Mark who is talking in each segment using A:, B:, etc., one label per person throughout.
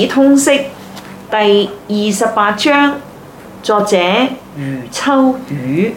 A: 《通識》第二十八章，作者余秋雨。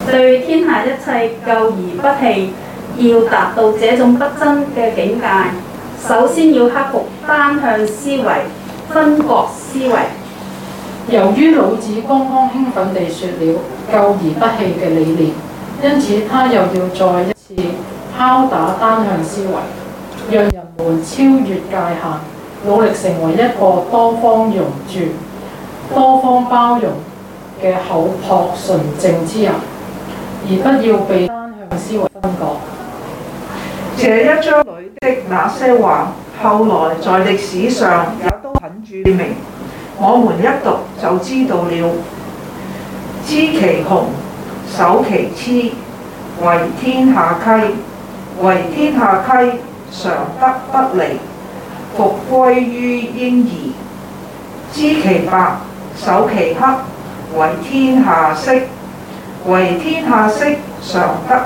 B: 嗯、對天下一切救而不棄，要達到這種不爭嘅境界，首先要克服單向思維、分割思維。由於老子剛剛興奮地說了救而不棄嘅理念，因此他又要再一次敲打單向思維，讓人們超越界限。努力成為一個多方融住、多方包容嘅厚樸純正之人，而不要被單向思維分割。這一章裏的那些話，後來在歷史上也都
C: 很著名。我們一讀就知道了：知其雄，守其雌，為天下溪；為天下溪，常德不離。復歸於嬰兒，知其白，守其黑，為天下式，為天下式，常德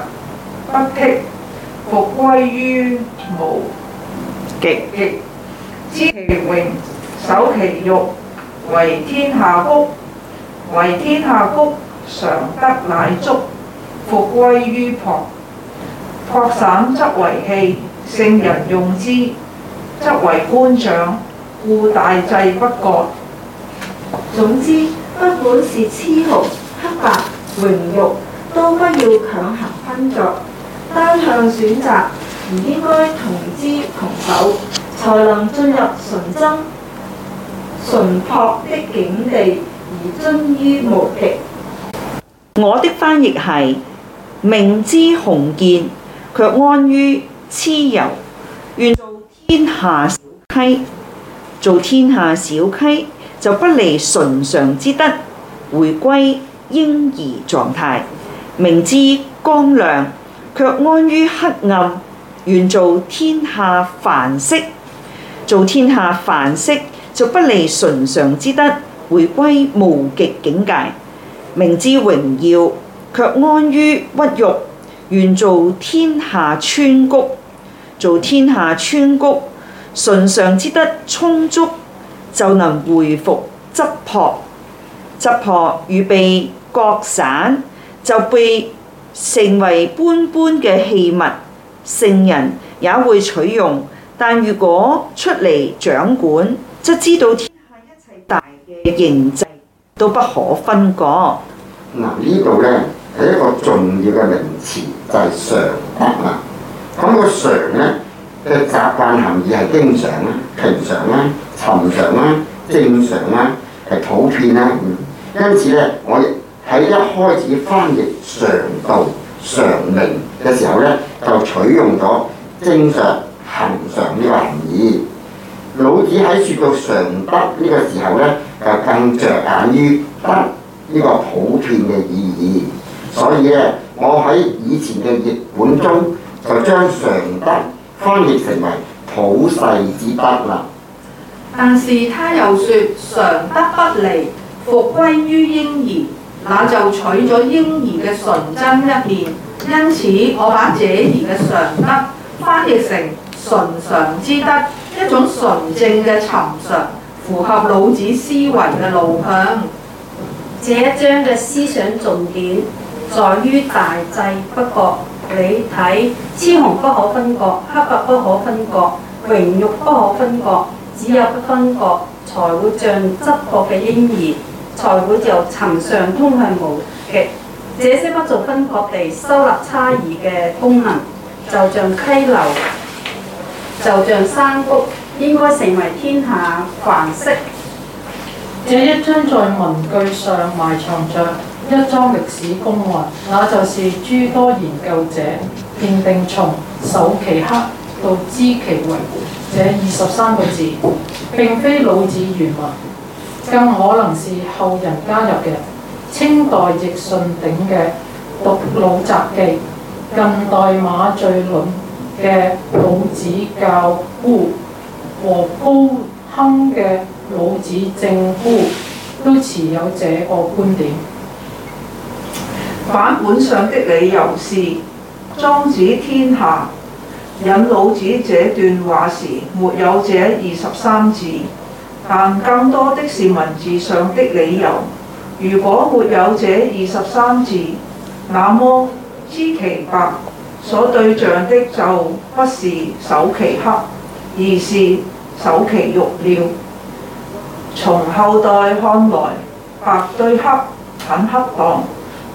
C: 不忒。復歸於無極，極知其榮，守其辱，為天下谷；為天下谷，常德乃足。復歸於旁，朴散則為器，聖人用之。則為官長，故大制不割。總之，不管是雌雄、黑白、榮辱，都不要強行分作
A: 單向選擇，唔應該同知同守，才能進入純真、純朴的境地而臻於無極。我的翻譯係明知雄健，卻安於雌柔，願做。天下小溪，做天下小溪就不離純常之德，回歸嬰兒狀態；明知光亮，卻安於黑暗，願做天下範式；做天下範式就不離純常之德，回歸無極境界；明知榮耀，卻安於屈辱，願做天下川谷。做天下村谷，順上之德充足，就能回復質樸質樸，執與被割散，就被成為般般嘅器物。聖人也會取用，但如果出嚟掌管，則知道天下一切大嘅形制都不可分割。
B: 嗱，呢度咧係一個重要嘅名詞，就係常啊。常咧嘅習慣含義係經常咧、
C: 平常咧、尋常咧、正常咧，係普遍咧。因此咧，我喺一開始翻譯
B: 常道、常名嘅時候咧，就取用咗正常、恆常呢個含義。老子喺説到常德呢個時候咧，就更着眼於德呢個普遍嘅意義。所以咧，我喺以前嘅譯本中，就將常德翻譯成為普世之德啦。
C: 但是他又說常德不離，復歸於嬰兒，那就取咗嬰兒嘅純真一面，因此我把這兒嘅常德翻譯成純常之德，一種純
B: 正嘅尋常，符合老子思維嘅路向。這一章嘅思想重點在於大制不割。你睇，雌雄不可分割，黑白不可分割，榮辱不可分割，只有不分割，才會像執覺嘅嬰兒，才會就層上通向無極。這些不做分割地收納差異嘅功能，就像溪流，就像山谷，應該成為天下凡色。這一章在文句上埋藏着。一樁歷史公案，那就是諸多研究者認定從守其黑到知其為白這二十三個字並非老子原文，更可能是後人加入嘅。清代易順鼎嘅《讀老札記》，近代馬敍倫嘅《老子校詁》和高亨嘅《老子正詁》都持有這個觀點。版本上的理由是《莊
C: 子天下》引老子這段話時沒有這二十三字，但更多的是文字上的理由。如果沒有這二十三字，那麼知其白所對象的就不是守其黑，而是守其欲了。從後代看來，白對黑很恰當。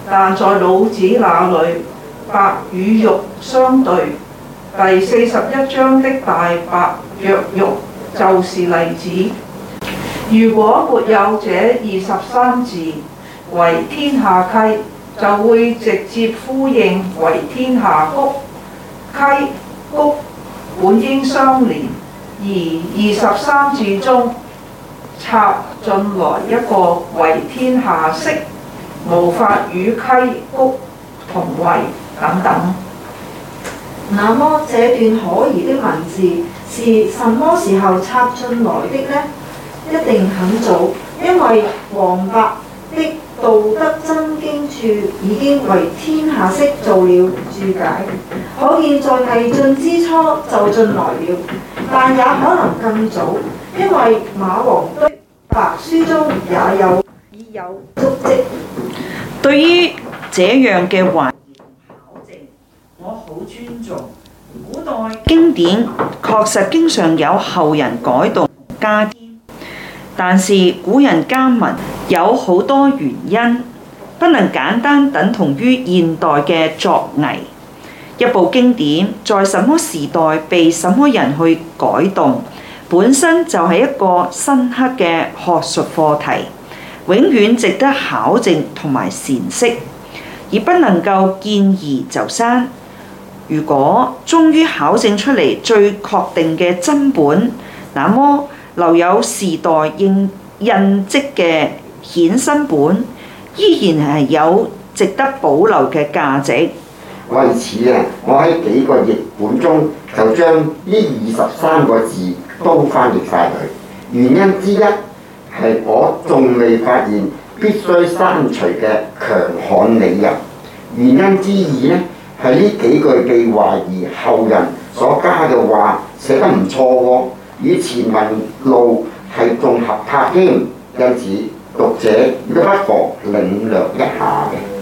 C: 但在老子那裏，白與辱相對，第四十一章的大白若辱就是例子。如果沒有這二十三字，為天下溪，就會直接呼應為天下谷，溪谷本應相連，而二十三字中插進來一個為天下式。無法與溪谷同位等等。那麼這段可疑的文字是什麼時候插
A: 進來的呢？一定很早，因為王弼的《道德真經注》已經為天下式做了注解，可見在魏晉之初就進來了，但也可能更早，因為馬王堆帛書中也有
C: 已有足跡。
A: 對於這樣嘅懷疑同考證，我好尊重古代經典，確實經常有後人改動加添，但是古人加文有好多原因，不能簡單等同於現代嘅作偽。一部經典在什麼時代被什麼人去改動，本身就係一個深刻嘅學術課題。永遠值得考證同埋闡釋，而不能夠見而就刪。如果終於考證出嚟最確定嘅真本，那麼留有時代印印跡嘅衍生本，依然係有值得保留嘅價值。
B: 為此啊，我喺幾個譯本中就將呢二十三個字都翻譯返去。原因之一。係我仲未發現必須刪除嘅強悍理由。原因之二呢，係呢幾句被懷疑後人所加嘅話寫得唔錯喎。與前文路係仲合拍添，因此讀者亦都不妨
C: 領略一下嘅。